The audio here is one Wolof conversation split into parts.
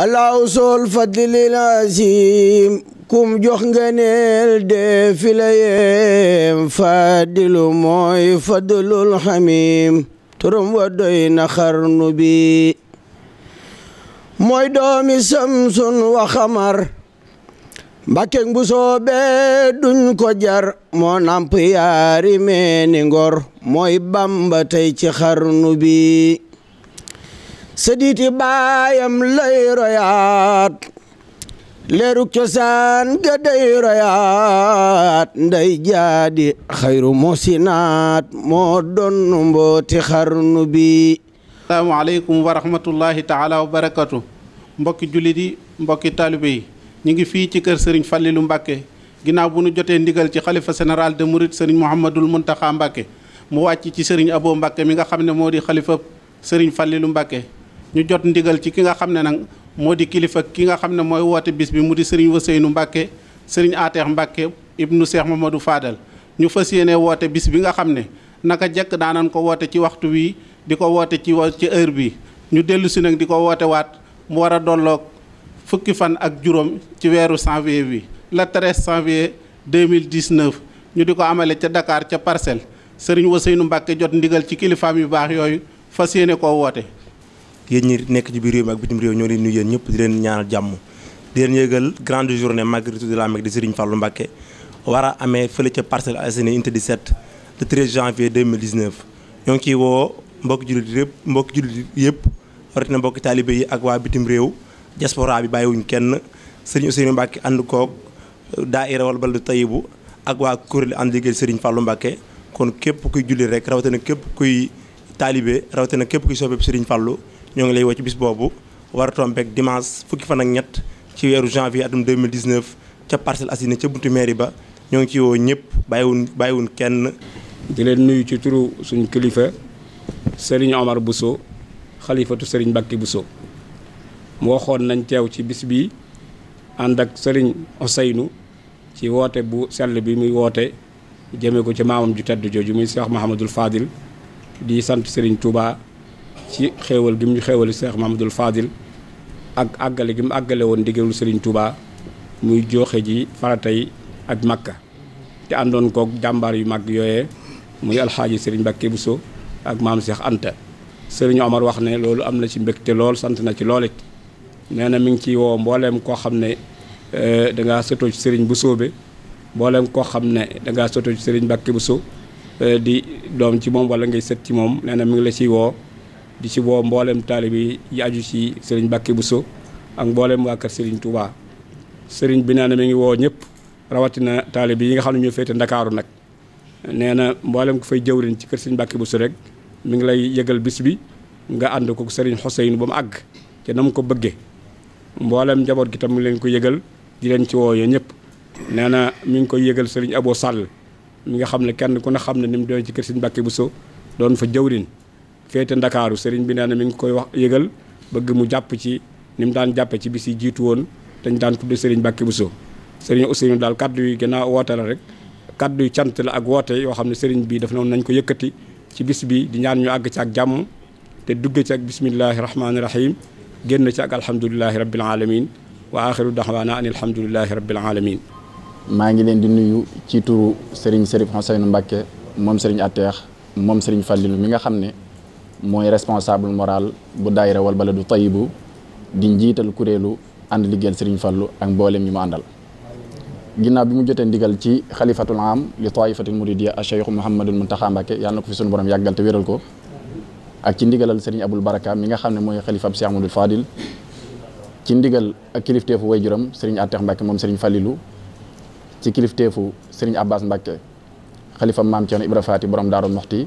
allahu sool fadlil azim kum jox ngeneel de filayem fadilu mooy fadlul xamim turum wa doy na xarnu bi mooy doomi samsun wa xamar mbàkke bu soobee duñ ko jar moo namp yaari meeni ngor mooy bamba ci xarnu bi sëddiiti baayam lay royaat leeruk cosaan ga day royaat nday jaadi xayru musinaat moo doon mbooti xarnu bi asalaamaaleykum wa rahmatullahi taala wa barakatu mbokki jullit yi mbokki taalibe yi ñu ngi fii ci kër sëriñ Fallilou Mbacké ginnaaw bu nu jotee ndigal ci xalifa général de Mouride sëriñ Mouhamadul Mountakha Mbacké mu wàcc ci sëriñ Abo Mbacké mi nga xam ne moo di xalifa sëriñ Fallilou Mbacké ñu jot ndigal ci ki nga xam ne nag moo di kilifa ki nga xam ne mooy woote bis bi mu di sëriñ Waseynu Mbàkke sëriñ Ateex Mbàkke ibnu Seex du faadal ñu fas yéene woote bis bi nga xam ne naka jekk daanan ko woote ci waxtu wii di ko woote ci wa ci heure bi ñu dellu si nag di ko woote waat mu war a dolloog fukki fan ak juróom ci weeru janvier bi le 13 janvier 2019 ñu di ko amale ca Dakar ca Parcelles sëriñ Waseynu Mbàkke jot ndigal ci kilifaam yu baax yooyu fas yéene koo woote yéen ñi nekk ci biir réew mi ak bitim réew ñoo leen nuyu yéen ñëpp di leen ñaanal jàmm di leen yëgal grande journée Magal de la mec de Serigne Fallou Mbacké war a amee fële ca Parcelles Assainies unité 17 le 13 janvier 2019 ñoo ngi ciy woo mbokki jullit yëpp mbokki jullit yëpp na mbokk talibé yi ak waa bitim réew diaspora bi bàyyiwuñ kenn Serigne Serigne Mbacké ànd koog euh, daaira wal baldu tayibu ak waa kuréel ànd liggéey Serigne Fallou Mbacké kon képp kuy julli rek rawatina képp kuy taalibe rawatina képp kuy soppe Serigne Fallou ñoo ngi lay woo ci bis boobu war a tombeeg fukki fan ak ñett ci weeru janvier atum 2019 ca Parcelles Assainies ca buntu mairie ba ñoo ngi ci woo ñëpp bàyyiwun bàyyiwun kenn di leen nuyu ci turu suñ kilifa Serigne Omar Bousso xalifatu Serigne Mbacke Bousso mu waxoon nañ teew ci bis bi ànd ak sëriñ Ousseynou ci woote bu sell bi muy woote jëmee ko ci maamam ju tedd jooju muy Cheikh Mahamadul Fadil di sant sëriñ Touba ci xéewal gi mu ñu xéewali Cheikh Mamadou Fadil ak àggale gi mu àggale woon ndigalul Serigne Touba muy joxe ji faratay ak Makka te àndoon koog jàmbaar yu mag yooye muy alxaaji sëriñ Mbacké Bousso ak maam seex Anta Serigne Omar wax ne loolu am na ci te lool sant na ci lool it nee na mi ngi ciy woo mbooleem koo xam ne eh, dangaa sotoo ci Serigne Bousso bi mbooleem koo xam ne dangaa sotoo ci Serigne Mbacké Bousso eh, di doom ci moom wala ngay sët ci moom nee na mi ngi la ciy woo. di ci woo mboolem taalibi yi aju ci sëriñ bu Bousso ak mboolem waa kër sëriñ Touba sëriñ bi nee na mi ngi woo ñëpp rawatina taalibi yi nga xam ne ñoo féete ndakaaru nag nee na mboolem ku fay jëwriñ ci kër sëriñ Mbàkke Bousso rek mi ngi lay yëgal bis nga ànd ko sëriñ Xuseynu ba mu àgg te na mu ko bëggee mboolem njaboot gi tam mi leen ko yëgal leen ci woo ñëpp nee na mi ngi koy yëgal sëriñ Abo Sall mi nga xam ne kenn ku ne xam ne ni mu doon ci kër sëriñ Mbàkke Bousso doon fa jëwriñ féete ndakaaru sëriñ bi nee na mi ngi koy wax yëgal bëgg mu jàpp ci ni mu daan jàppe ci bis yi jiitu woon dañ daan tudde sëriñ Mbàkke Buso sëriñ Ousseynou daal kaddu yi gën a woote rek kaddu yu cant la ak woote yoo xam ne sëriñ bi daf noon nañ ko yëkkati ci bis bi di ñaan ñu àgg ci ak jàmm te dugge ci ak bismillahi rahmaani rahim génn ci ak alhamdulilahi rabbil alamin wa axiru naa an alhamdulilahi rabbil alamin maa ngi leen di nuyu ci turu sëriñ Sërif Ousseynou Mbàkke moom sëriñ Ateex moom sëriñ Fàllilu mi nga xam ne mooy responsable moral bu daayira wal du tayibu di njiital kuréelu ànd liggéeyal sëriñ Fallou ak mboolem ñi mu àndal. ginnaaw bi mu jotee ndigal ci xalifatul am li taifatil muridiya a Cheikh Mouhamadul Mountakha Mbacké yàlla na ko fi sunu borom yàggal te wéral ko ak ci ndigalal Serigne Abul Baraka mi nga xam ne mooy xalifa ab Cheikh ci ndigal ak sëriñ waajuram Serigne moom Serigne Fallilou ci kilifteefu Serigne Abbas Mbacké xalifa maam Thierno Ibra Faati borom Daaru Moxti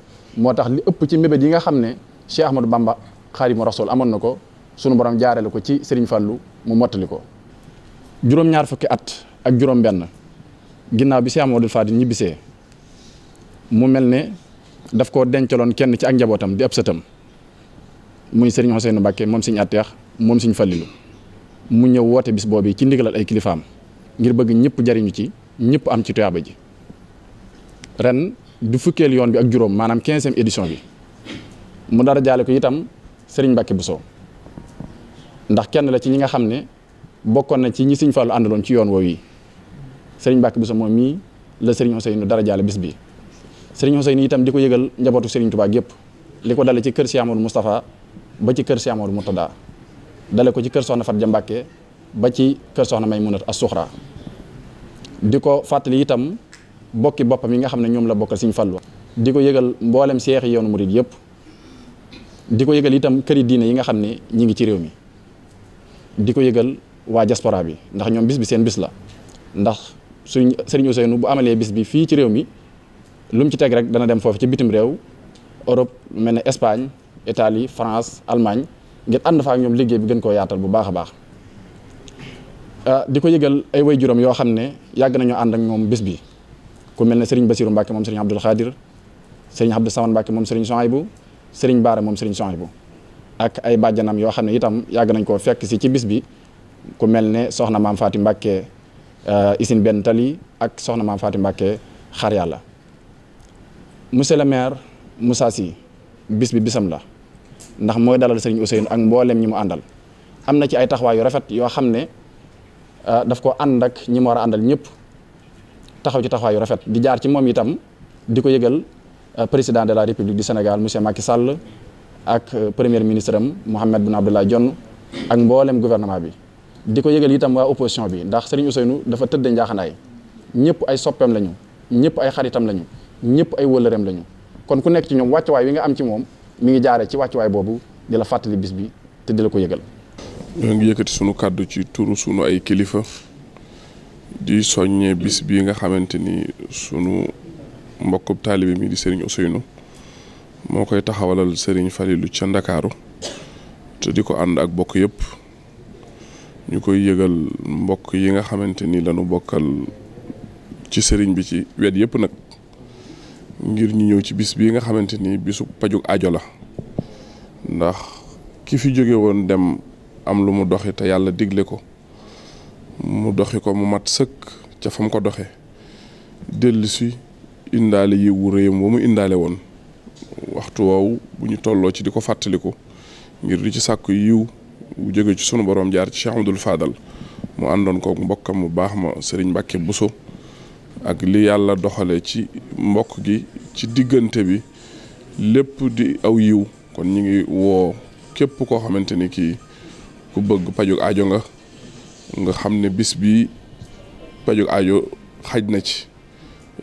moo tax li ëpp ci mébét yi nga xam ne Cheikh Ahmadou Bamba Xaadimu Rasuul amoon na ko suñu boroom jaarale ko ci Serigne Fallou mu mottali ko. juróom-ñaar fukki at ak juróom-benn ginnaaw bi Cheikh Ahmadou Fadil ñibbisee mu mel ne daf koo dencaloon kenn ci ak njabootam di ab sëtam muy Serigne Ousseynou Mbacké moom Serigne Atteex moom Serigne Fallilu mu ñëw woote bis boobu ci ndigalal ay kilifaam ngir bëgg ñëpp jariñu ci ñëpp am ci tuyaaba ji ren. di fukkeel yoon bi ak juróom maanaam quinzième édition bi mu dara jaale ko itam Serigne Mbacke Bousso ndax kenn la ci ñi nga xam ne bokkoon na ci ñi Serigne Fallou àndaloon ci yoon woowu yi Serigne Mbacke Bousso moom mii la Serigne Ousseynou dara jaale bis bi. Serigne Ousseynou itam di ko yëgal njabootu Serigne Touba gépp li ko dale ci kër Cheikh Amadou Moustapha ba ci kër Cheikh Amadou Moutada dale ko ci kër Soxna Fatou Mbacke ba ci kër Soxna Maymunat as Suxra di ko bokki bopam yi nga xamne ñom la bokal seigne Fallu di ko yëgal cheikh yoonu mouride yep di ko yëgal itam këri diine yi nga xamne ñi ngi ci rew mi di ko wa diaspora bi ndax ñom bis bi seen bis la ndax seigne Sëriñ Ousseynou bu amale bis bi fi ci rew mi lum ci rek dana dem fofu ci bitim rew Europe melni Espagne Italie France Allemagne ngir and fa ak ñom liggey bi gën ko yaatal bu baaxa baax ah, di ko ay way juróom yoo yag ne yàgg ak ñom bis bi ku mel ne Serigne Bassirou Mbacke moom Serigne Abdoul Khadir Serigne Abdou Samane Mbacke moom Serigne Souhaïbou Serigne Baara moom Serigne Souhaïbou ak ay bàjjanam yoo xam ne itam yàgg nañ koo fekk si ci bis bi ku mel ne soxna maam Faati Mbacke uh, Isine benn tali ak soxna maam Faati Mbacke xar yàlla monsieur le maire Moussa Sy bis bi bisam la ndax mooy dalal Serigne Ousseynou ak mbooleem ñi mu àndal am na ci ay taxawaay yu rafet yoo xam ne uh, daf ko ànd ak ñi mu war a àndal ñëpp. taxaw ci taxawaayu rafet di jaar ci moom itam di ko yëgal euh, président de la république du Sénégal monsieur Macky Sall ak euh, premier ministre am Mohamed Boun Abdallah Dionne ak mbooleem gouvernement bi. di ko yëgal itam waa opposition bi ndax Serigne Ousseynou dafa tëdd njaaxanaay ñëpp ay soppeem lañu ñëpp ay xaritam lañu ñëpp ay wëllëreem lañu kon ku nekk ci ñoom wàccuwaay wi nga am ci moom mi ngi jaaree ci wàccuwaay boobu di la fàttali bis bi te di la ko yëgal. ñoo ngi yëkkati sunu kàddu ci turu sunu kilifa. di soññee bis bi nga xamante ni sunu mbokkub taalibe mi di sëriñ Ousseynou moo koy taxawalal sëriñ Falilou ca Ndakaaru te di ko ànd ak bokk yëpp ñu koy yëgal mbokk yi nga xamante ni lañu bokkal ci sëriñ bi ci wet yëpp nag ngir ñu ñëw ci bis bi nga xamante ni bisu pajug ajo la ndax ki fi jóge woon dem am lu mu doxi te yàlla digle ko mu doxi ko mu mat sëkk ca fam ko doxe dellusi si indaale yiwu réyam wa mu indaale woon waxtu woowu bu ñu tolloo ci di ko fàttaliku ngir li ci sàkk yiw bu jóge ci sunu borom jaar ci Cheikh Amadou faadal mu àndoon ko mbokkam mu baax ma Serigne Mbacke Bousso ak li yàlla doxale ci mbokk gi ci diggante bi lépp di aw yiw kon ñu ngi woo képp koo xamante ni kii ku bëgg paju ajo nga nga xam ne bis bi pajug ajo xaj na ci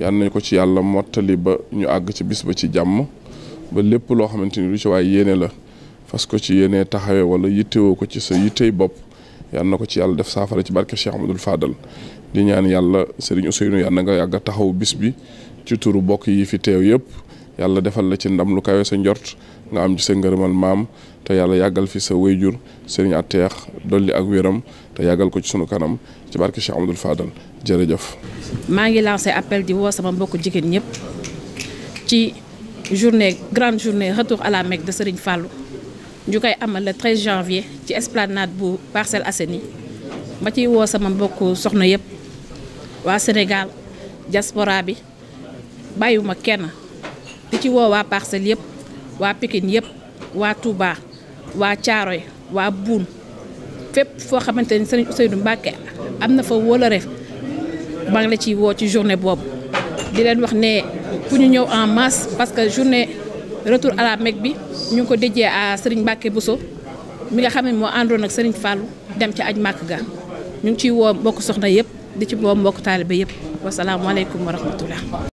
yal nañ ko ci yàlla mottali ba ñu àgg ci bis ba ci jàmm ba lépp loo xamante ni lu ci waaye yéene la fas ko ci yéene taxawee wala yittewoo ko ci sa yittey bopp yan na ko ci yàlla def saafara ci barke Cheikh Amadou Fadal di ñaan yàlla Serigne Ousseynou yal na nga yàgg a taxaw bis bi ci turu bokk yi fi teew yëpp. yalla defal la ci ndam lu kawé sa ndort nga am ci sa ngeureumal mam te yalla yagal fi sa wayjur serigne atex doli ak wéram te yagal ko ci sunu kanam ci barke Cheikh Amadou Fadal jërëjëf. maa ngi lancé appel di wo sama mbokku jigéen ñep ci journée grande journée retour à la Mecque de Serigne Fallou ñu koy amal le 13 janvier ci esplanade bu parcel Assainies ma ci wo sama mbokku soxna yëpp wa Sénégal diaspora bi bayuma kenn. di ci woo waa Parcelles yëpp waa Pikine yëpp waa Touba waa Thiaroye waa Boune fépp foo xamante ni Serigne Ousseynou Mbacké am na fa wóolare maa ngi la ciy woo ci journée boobu di leen wax ne ku ñu ñëw en mars parce que journée retour à la bi ñu ngi ko déjee à Serigne Mbacké Bousso mi nga xam ne moo àndoon ak Serigne Fallou dem ca aj màkk ga ñu ngi ciy woo mbokk soxna yëpp di ci woo mbokk taalibe yëpp wasalaamaaleykum wa rahmatullah